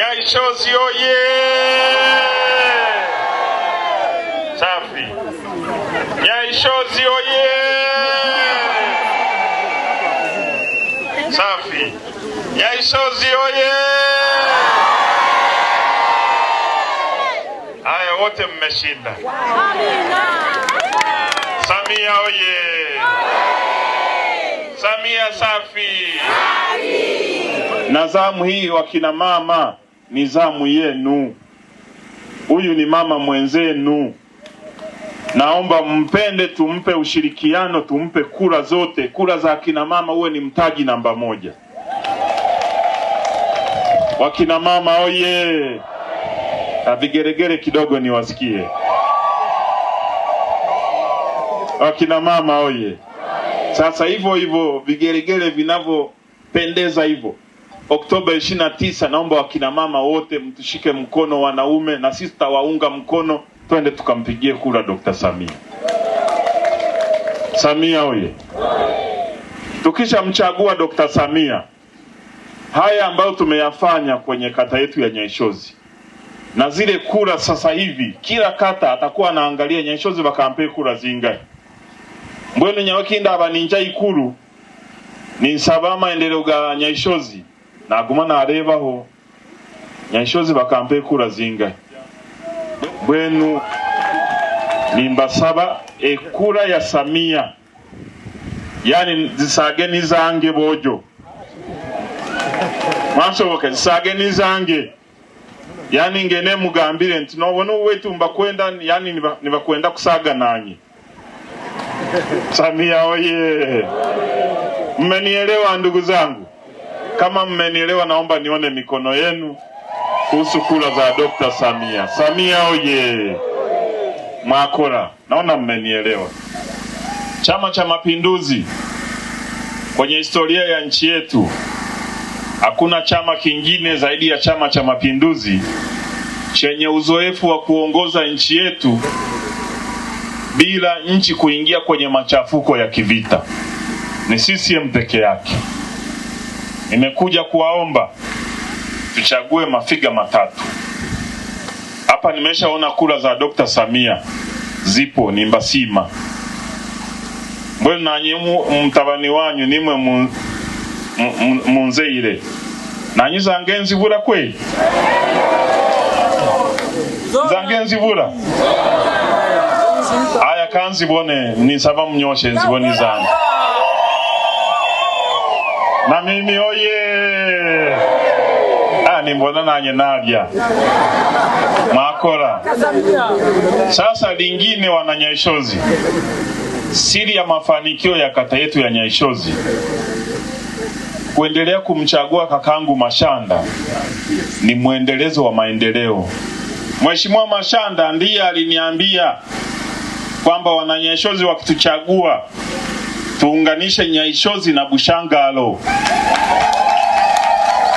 Nyaishozi oye! Safi. Nyaishozi oye! Safi. Nyaishozi oye! Haya, wote mmeshinda. Samia oye! Samia safi. nazamu hii wakina mama ni zamu yenu. Huyu ni mama mwenzenu, naomba mpende, tumpe ushirikiano, tumpe kura zote. Kura za akina mama uwe ni mtaji namba moja. Wakina mama oye! Na vigeregere kidogo niwasikie. Wakina mama oye! Sasa hivyo hivyo vigeregere vinavyopendeza hivyo Oktoba 29, naomba wakinamama wote mtushike mkono, wanaume na sisi tutawaunga mkono, twende tukampigie kura Dr. Samia. Samia oye! Tukishamchagua Dr. Samia, haya ambayo tumeyafanya kwenye kata yetu ya Nyaishozi na zile kura, sasa hivi kila kata atakuwa anaangalia Nyaishozi bakampe kura zingai mbwenu nyawekinda abaninja ikulu ninsaba maendeleo ga Nyaishozi naguma narebaho nyanshozi bakampe kura zingahe bwenu nimbasaba ekura ya samia yani zisage nizange bojo mwansoboke zisage nizange yani ngene mugambire nti nobona wetu mbakwenda yani nibakwenda kusaga nanye samia oye mmenielewa ndugu zangu Kama mmenielewa, naomba nione mikono yenu kuhusu kura za Dr. Samia. Samia oye! Mwakora, naona mmenielewa. Chama cha Mapinduzi, kwenye historia ya nchi yetu hakuna chama kingine zaidi ya Chama cha Mapinduzi chenye uzoefu wa kuongoza nchi yetu bila nchi kuingia kwenye machafuko ya kivita. Ni CCM peke yake. Nimekuja kuwaomba tuchague mafiga matatu hapa. Nimeshaona kura za dkt Samia zipo ni mbasima mbwenu nanyi mutabani wanyu nimwe munzeire nanyi zange nzibura kweli zange nzibura aya kanzibone ninsaba munyoshe nzibone zange na mimi oye ah, nimbona mbona nanye nalya mwakora sasa. Lingine wananyaishozi siri ya mafanikio ya kata yetu ya Nyaishozi kuendelea kumchagua kakangu Mashanda ni mwendelezo wa maendeleo. Mheshimiwa Mashanda ndiye aliniambia kwamba wananyaishozi wakituchagua tuunganishe Nyaishozi na Bushangalo.